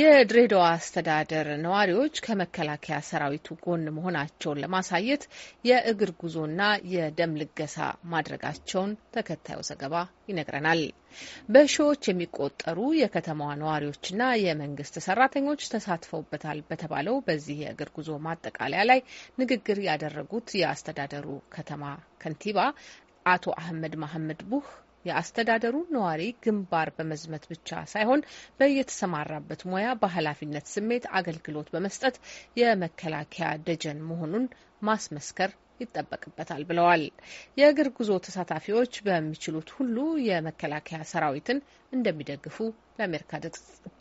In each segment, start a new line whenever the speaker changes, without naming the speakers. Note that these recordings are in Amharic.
የድሬዳዋ አስተዳደር ነዋሪዎች ከመከላከያ ሰራዊቱ ጎን መሆናቸውን ለማሳየት የእግር ጉዞና የደም ልገሳ ማድረጋቸውን ተከታዩ ዘገባ ይነግረናል። በሺዎች የሚቆጠሩ የከተማዋ ነዋሪዎችና የመንግስት ሰራተኞች ተሳትፈውበታል በተባለው በዚህ የእግር ጉዞ ማጠቃለያ ላይ ንግግር ያደረጉት የአስተዳደሩ ከተማ ከንቲባ አቶ አህመድ መሐመድ ቡህ የአስተዳደሩ ነዋሪ ግንባር በመዝመት ብቻ ሳይሆን በየተሰማራበት ሙያ በኃላፊነት ስሜት አገልግሎት በመስጠት የመከላከያ ደጀን መሆኑን ማስመስከር ይጠበቅበታል ብለዋል። የእግር ጉዞ ተሳታፊዎች በሚችሉት ሁሉ የመከላከያ ሰራዊትን እንደሚደግፉ ለአሜሪካ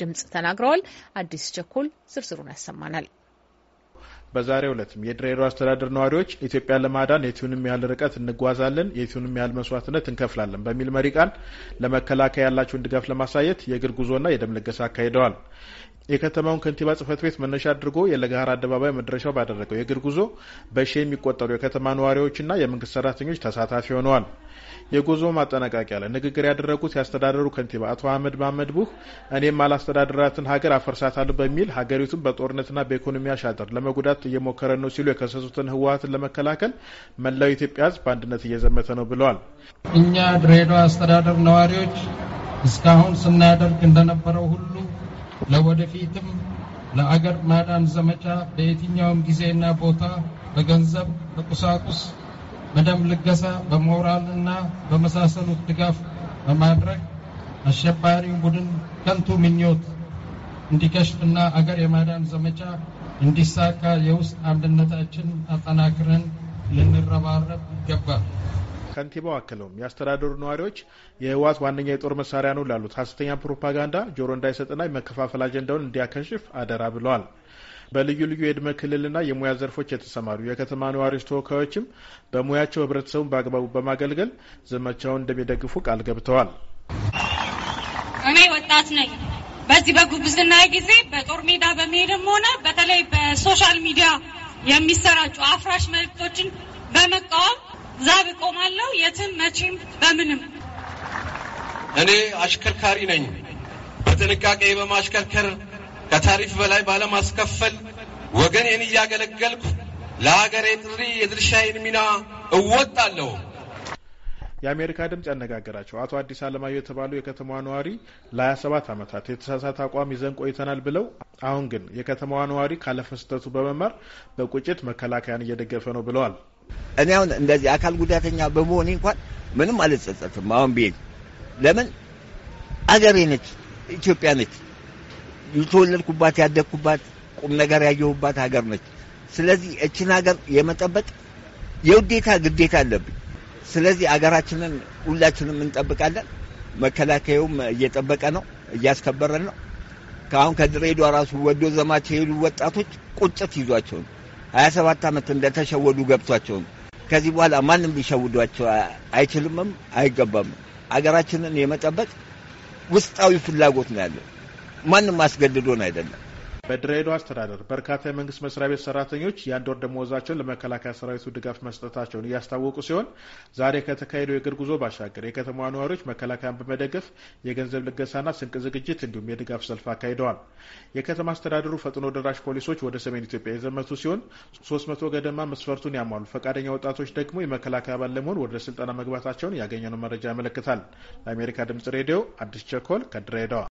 ድምጽ ተናግረዋል። አዲስ ቸኮል ዝርዝሩን ያሰማናል።
በዛሬው ዕለትም የድሬዳዋ አስተዳደር ነዋሪዎች ኢትዮጵያ ለማዳን የቱንም ያህል ርቀት እንጓዛለን፣ የቱንም ያህል መስዋዕትነት እንከፍላለን በሚል መሪ ቃል ለመከላከያ ያላቸውን ድጋፍ ለማሳየት የእግር ጉዞና የደም ልገሳ አካሂደዋል። የከተማውን ከንቲባ ጽህፈት ቤት መነሻ አድርጎ የለገሃር አደባባይ መድረሻው ባደረገው የእግር ጉዞ በሺ የሚቆጠሩ የከተማ ነዋሪዎችና የመንግስት ሰራተኞች ተሳታፊ ሆነዋል። የጉዞ ማጠናቀቂያ ላይ ንግግር ያደረጉት ያስተዳደሩ ከንቲባ አቶ አህመድ መሀመድ ቡህ እኔም አላስተዳደራትን ሀገር አፈርሳታለሁ በሚል ሀገሪቱን በጦርነትና በኢኮኖሚ አሻጥር ለመጉዳት እየሞከረ ነው ሲሉ የከሰሱትን ህወሀትን ለመከላከል መላው ኢትዮጵያ ህዝብ በአንድነት እየዘመተ ነው ብለዋል።
እኛ ድሬዳዋ አስተዳደር ነዋሪዎች እስካሁን ስናደርግ እንደነበረው ሁሉ ለወደፊትም ለአገር ማዳን ዘመቻ በየትኛውም ጊዜና ቦታ በገንዘብ፣ በቁሳቁስ፣ በደም ልገሳ፣ በሞራል እና በመሳሰሉት ድጋፍ በማድረግ አሸባሪው ቡድን ከንቱ ምኞት እና አገር የማዳን ዘመቻ እንዲሳካ የውስጥ አንድነታችን አጠናክረን ልንረባረብ ይገባል።
ከንቲባው አክለውም የአስተዳደሩ ነዋሪዎች የህወሓት ዋነኛ የጦር መሳሪያ ነው ላሉት ሀሰተኛ ፕሮፓጋንዳ ጆሮ እንዳይሰጥና የመከፋፈል አጀንዳውን እንዲያከሽፍ አደራ ብለዋል። በልዩ ልዩ የእድሜ ክልልና የሙያ ዘርፎች የተሰማሩ የከተማ ነዋሪዎች ተወካዮችም በሙያቸው ህብረተሰቡን በአግባቡ በማገልገል ዘመቻውን እንደሚደግፉ ቃል ገብተዋል።
እኔ ወጣት ነኝ። በዚህ በጉብዝና ጊዜ በጦር ሜዳ በመሄድም ሆነ በተለይ በሶሻል ሚዲያ የሚሰራጩ አፍራሽ መልእክቶችን በመቃወም ዛብ እቆማለሁ የትም መቼም በምንም።
እኔ አሽከርካሪ ነኝ። በጥንቃቄ በማሽከርከር ከታሪፍ በላይ ባለማስከፈል ወገኔን እያገለገልኩ ለሀገሬ ጥሪ የድርሻዬን ሚና
እወጣለሁ። የአሜሪካ ድምጽ ያነጋገራቸው አቶ አዲስ አለማየሁ የተባሉ የከተማዋ ነዋሪ ለ27 ዓመታት የተሳሳተ አቋም ይዘን ቆይተናል ብለው አሁን ግን የከተማዋ ነዋሪ ካለፈ ስህተቱ በመማር በቁጭት መከላከያን
እየደገፈ ነው ብለዋል። እኔ አሁን እንደዚህ አካል ጉዳተኛ በመሆኔ እንኳን ምንም አልጸጸትም። አሁን ቤት ለምን አገሬ ነች፣ ኢትዮጵያ ነች፣ የተወለድኩባት ያደግኩባት፣ ቁም ነገር ያየሁባት ሀገር ነች። ስለዚህ እችን ሀገር የመጠበቅ የውዴታ ግዴታ አለብኝ። ስለዚህ አገራችንን ሁላችንም እንጠብቃለን። መከላከያውም እየጠበቀ ነው፣ እያስከበረን ነው። ከአሁን ከድሬዳዋ ራሱ ወዶ ዘማች የሄዱ ወጣቶች ቁጭት ይዟቸው ነው 27 ዓመት እንደተሸወዱ ገብቷቸው ከዚህ በኋላ ማንም ሊሸውዷቸው አይችልምም አይገባም። አገራችንን የመጠበቅ ውስጣዊ ፍላጎት ነው ያለው። ማንም አስገድዶን አይደለም።
በድሬዳዋ አስተዳደር በርካታ የመንግስት መስሪያ ቤት ሰራተኞች የአንድ ወር ደመወዛቸውን ለመከላከያ ሰራዊቱ ድጋፍ መስጠታቸውን እያስታወቁ ሲሆን ዛሬ ከተካሄደው የእግር ጉዞ ባሻገር የከተማዋ ነዋሪዎች መከላከያን በመደገፍ የገንዘብ ልገሳና ስንቅ ዝግጅት እንዲሁም የድጋፍ ሰልፍ አካሂደዋል። የከተማ አስተዳደሩ ፈጥኖ ደራሽ ፖሊሶች ወደ ሰሜን ኢትዮጵያ የዘመቱ ሲሆን ሶስት መቶ ገደማ መስፈርቱን ያሟሉ ፈቃደኛ ወጣቶች ደግሞ የመከላከያ አባል ለመሆን ወደ ስልጠና መግባታቸውን ያገኘነው መረጃ ያመለክታል። ለአሜሪካ ድምጽ ሬዲዮ አዲስ ቸኮል ከድሬዳዋ